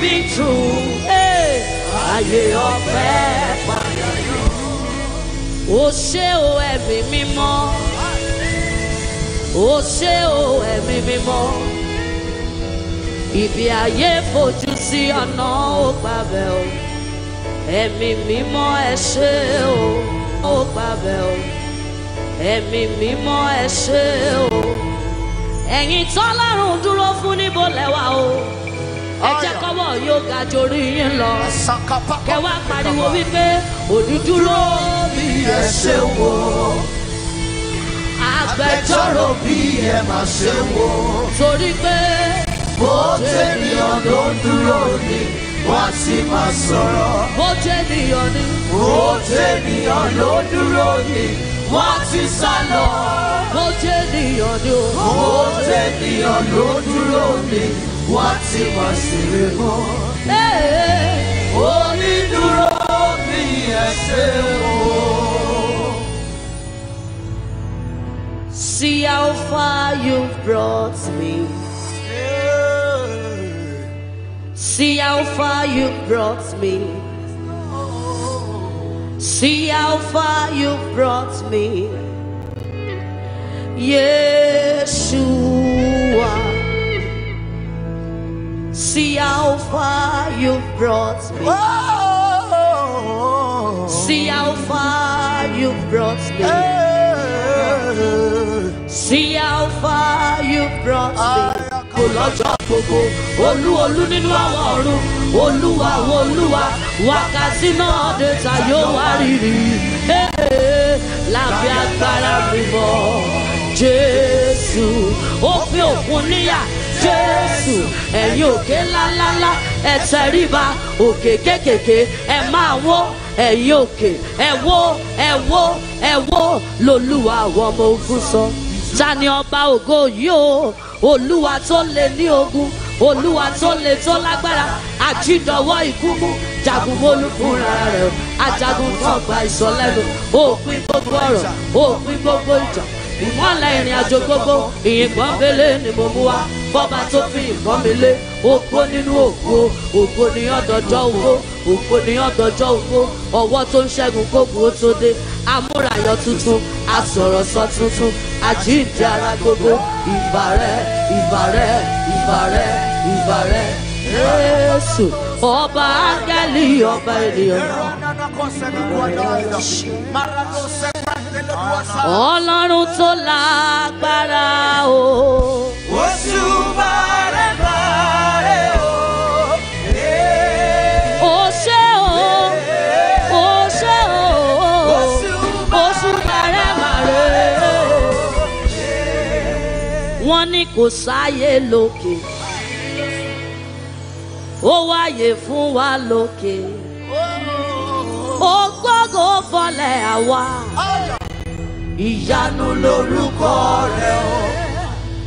be true. Ayé ọ̀fẹ́ padà yọ. O ṣé o ẹ̀mí mímọ́. O ṣé o ẹ̀mí mímọ́. Ibi ayé fojú sí ọ̀nà ó gbàbẹ̀ o. Ẹ̀mí mímọ́ ẹ ṣé o. Ó gbàbẹ̀ o. Ẹ̀mí mímọ́ ẹ ṣé o. Ẹ̀yin tọ́lárùn dúró fún níbo lẹ́wà o ẹ jẹ́ kọ́wọ́ yóò ga jorí yín lọ kẹ wá pariwo wípé òdúdúró bí ẹ ṣe wò agbẹjọ́rò bí ẹ má ṣe wò torí pé bó tẹ̀yàn ló dúró ni wọ́n ti máa sọ̀rọ̀. bó tẹ̀yàn ni. bó tẹ̀yàn ló dúró ni wọ́n ti sá lọ. bó tẹ̀yàn ni o. bó tẹ̀yàn ló dúró ni. What's Only to onídùúró me, ẹsẹ̀ wò. See how far you've brought me. See how far you've brought me. See how far you've brought me. Yeshua. See how far you've brought me. Oh, see how far you've brought me. see how far you've brought me. Olọ́jọ́ gbogbo, olú olú nínú àwọn ọ̀run, olúwa olúwa, wákàtí náà dé ta yóò wá rírì. Lábẹ́ agbára mímọ́, Jésù, ó fi òkun níyà jésù ẹ̀yin òkè ńláńláńlá ẹ tẹríba òkè kékèké ẹ máa wó ẹ̀yin òkè ẹ wó ẹ wó ẹ wó lolúwa àwọn ọmọ ogun sọ ta ni ọba ògo yìí o olúwa tó lè ní ogun olúwa tó lè tó lágbára àjídọwọ́ ikú mú jagun mólú fúnra rẹ̀ ajagun tó gba ìsọlẹ́nu òpin gbogbo ọ̀rọ̀ òpin gbogbo ìjà ìmọ̀lẹ̀ ìrìn àjò gbogbo ìyìnbọn mélé ni mo mú wa bọ́ba tó fi ìbọn mi lé ògo nínú ògo ògo ní ọ̀dọ̀jọ́ ògo ògo ní ọ̀dọ̀jọ́ ògo ọwọ́ tó ń ṣẹ́gun kógun ó tó dé amúrayọ tuntun asọ̀rọ̀sọ tuntun àjíǹde ara gbogbo ìbàrẹ̀ ìbàrẹ̀ ìbàrẹ̀ ìbàrẹ̀. Jésù ọba ángẹ́lì ọba ènìyàn. Ọlọ́run tó lágbára o. Oṣù bàrẹ̀ bàrẹ̀ o. O ṣé o, o ṣé o, oṣù bàrẹ̀ bàrẹ̀ o. Wọ́n ní kò sáyé lókè. ó wáyé fún wa lókè ògbógo fọlẹ̀ àwa ìyanu lorúkọ rẹ o.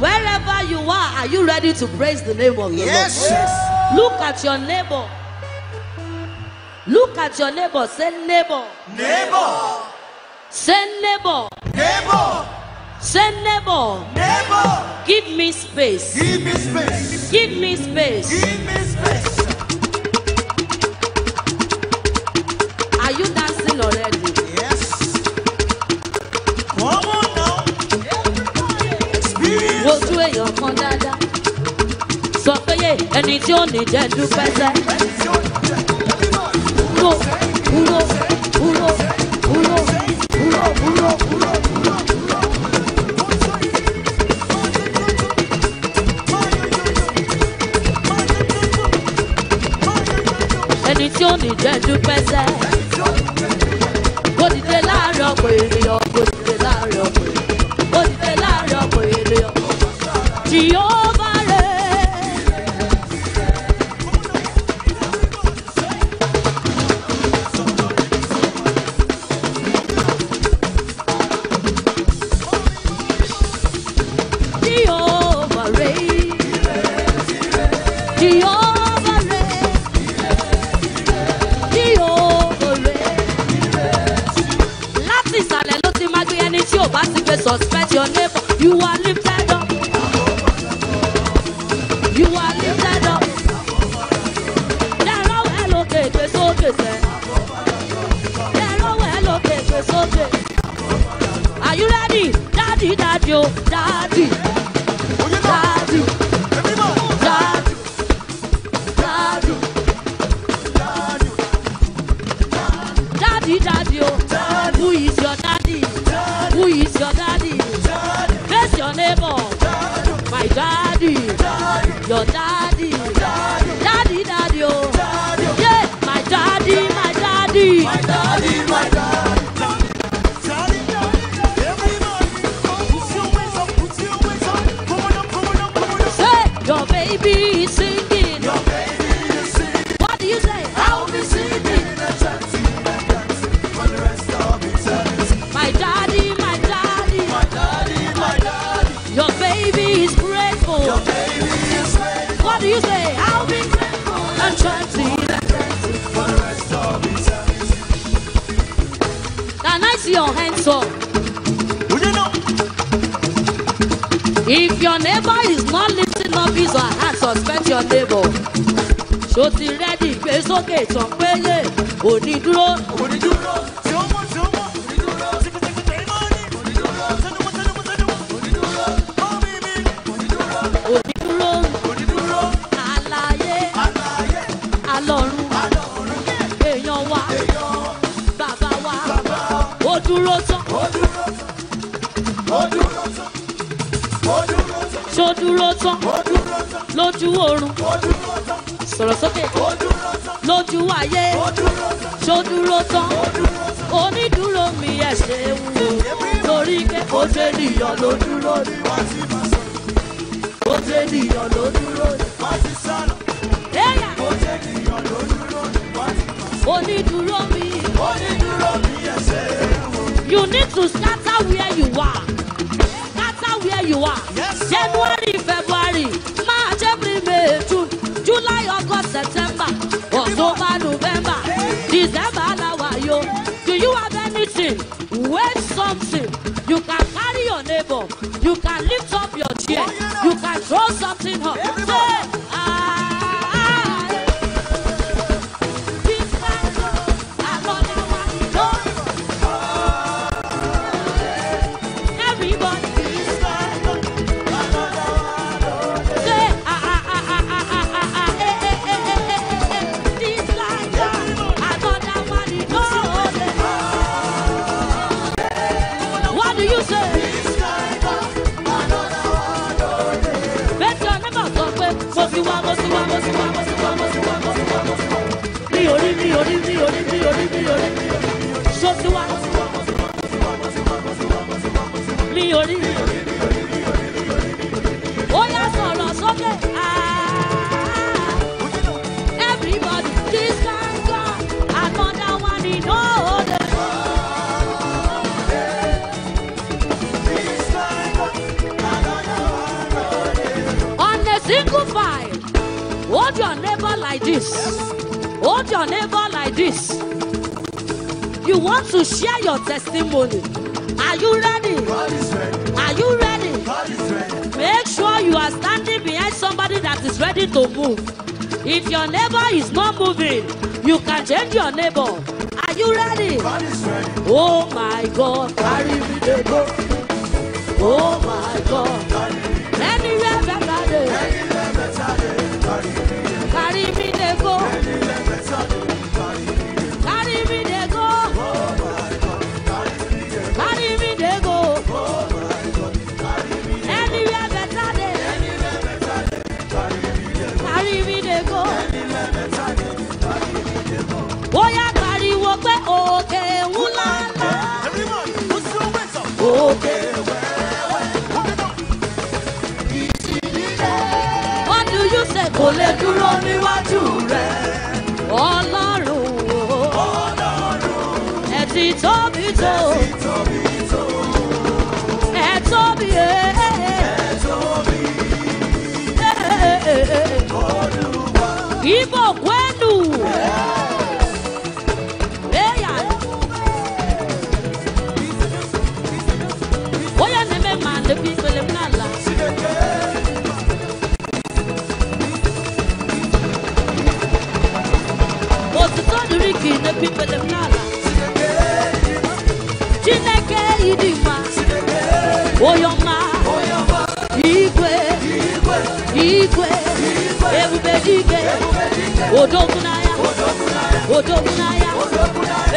wherever you are are you ready to praise the name of the yes. Lord. yes. look at your neighbor look at your neighbor say neighbor. neighbor. say neighbor. neighbor. Say neighbor. Neighbor. Give me space. Give me space. Give me space. Give me space. Are you dancing already? Yes. Come on now. Everybody. Experience. Wojú èèyàn kan dáadáa. Sọ pé yé ẹni tí ó ní jẹ́ dúpẹ́ sẹ́. Kúrò kúrò kúrò kúrò kúrò kúrò kúrò. ní jẹ́jú pẹ́sẹ́. Kó dìde láàárọ̀ pèrè. sociedade. not lifting up his or her suspect your neighbor. ṣó ti rẹ́dì gbé sókè tán péye òní dúró. òní dúró. dúró tán lójú oorun sọ̀rọ̀ sókè lójú ayé ṣó dúró tán onídùúró mi ẹ̀ ṣeun torí pé ó dé nìyàn ló dúró ni wọ́n ti máa sọ̀rọ̀ ó dé nìyàn ló dúró ni wọ́n ti sọ̀rọ̀ ó dé nìyàn ló dúró ni wọ́n ti máa sọ̀rọ̀ onídùúró mi onídùúró mi ẹ̀ ṣeun. You need to scatter where you are you are. Yes. January, February, March, April, May, June, July, August, September, October, November, December, Lawayo. Do you have anything? Wait something. You can carry your neighbor. You can lift up your chair. You can throw something up. Everybody. Say, orí. Ah, everybody please God another one in all on a single file hold your neighbor like this hold your neighbor like this you want to share your testimony. Are you ready? Are you ready? Make sure you are standing behind somebody that is ready to move. If your neighbor is not moving, you can change your neighbor. Are you ready? Oh my God. Oh my God. Anywhere better day. tóbi tó. Ẹ tóbi ẹ. Ẹ tóbi. Olúwa. Ibo kwenu. Eya. Oya ne me ma de bi pele mi na la. Mo ne bi pele na oyoma igwe igwe ebube dike odogwu n'anya odogwu n'anya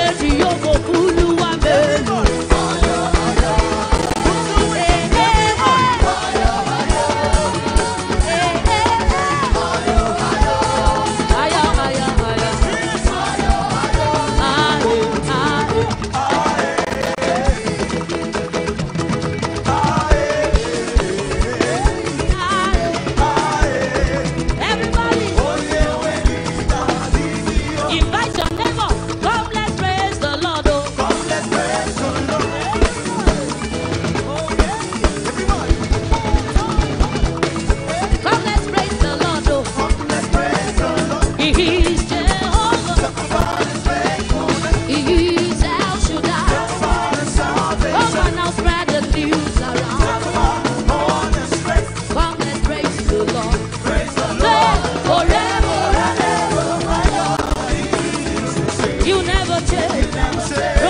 eji ya okokwu noche.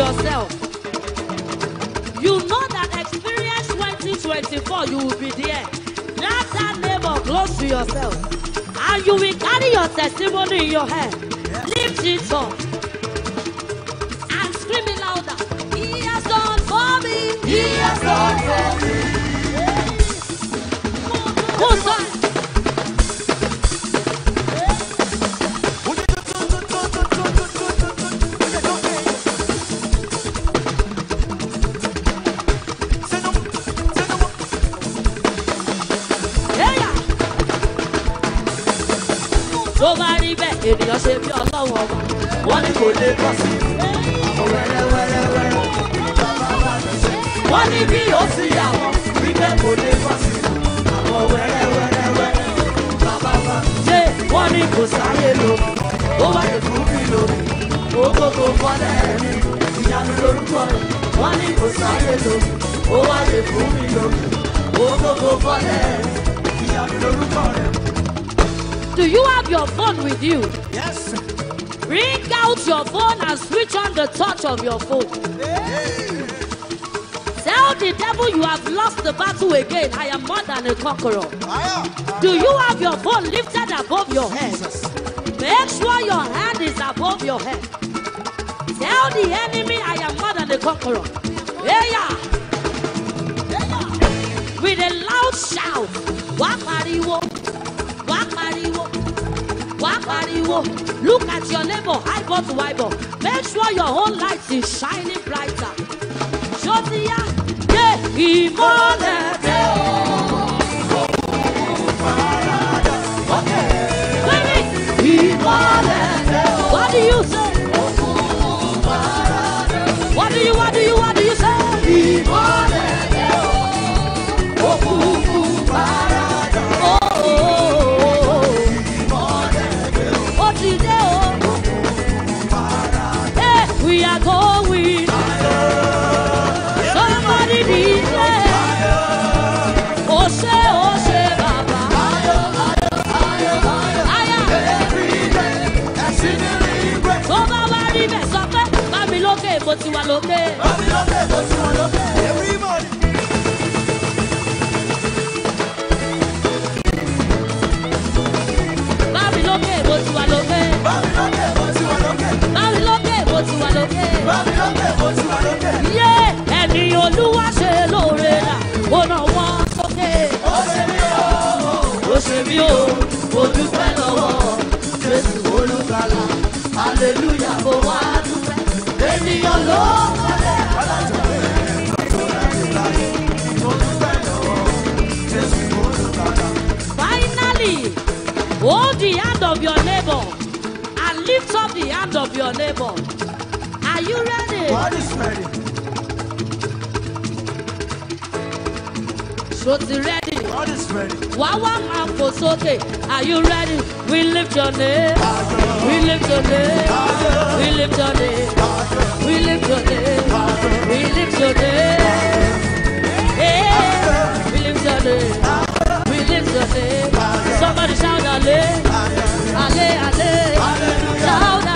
yourself. You know that experience 2024, you will be there. That's that neighbor close to yourself. And you will carry your testimony in your hand. Yeah. Lift it up. And scream it louder. He has done for me. He has done for me. Who's that? níbẹ̀ ènìyàn ṣe bí ọlọ́wọ́ ọba wọ́n ní kò lè bọ̀ sí àwọn wẹ́rẹ́wẹ́rẹ́wẹ́rẹ́ ìjọba bá lọ sí. wọ́n ní bí ó sì yà wọ́n níbẹ̀ kò lè bọ̀ sí àwọn wẹ́rẹ́wẹ́rẹ́wẹ́rẹ́ ìjọba bá lọ sí. ṣé wọ́n ní kò sáré lò ó wá lè kú bí lò ó gbogbo fọ́lẹ́ ẹ̀rí ìyanu lórúkọ rẹ̀ wọ́n ní kò sáré lò ó wá lè kú bí lò ó gbogbo fọ́lẹ́ ẹ̀rí. Do you have your phone with you? Yes. Bring out your phone and switch on the touch of your phone. Hey. Tell the devil you have lost the battle again. I am more than a conqueror. Do you have your phone lifted above your head? Make sure your hand is above your head. Tell the enemy I am more than a conqueror. Yeah, yeah. With a loud shout, wá pariwo pariwo look at your neighbor eyeball to eyeball make sure your own light is shining brighter. ṣòtìyá dé ìmọ́lẹ̀ dé o. What do you say? we are going. Fire. Somebody declare. Oh, say, oh, say, Baba. Fire, fire, fire, Every day, I see the regret. Everybody. Finally, hold the hand of your neighbor and lift up the hand of your neighbor. Are you ready? God is ready. Ṣó ti ready? God is ready. Wá wá máa fò sókè. Are you ready? We lift your name. We lift your name. We lift your name. We lift your name. We lift your name. We lift your name. We lift your name. Somebody shout Ale. Ale, Ale. Shout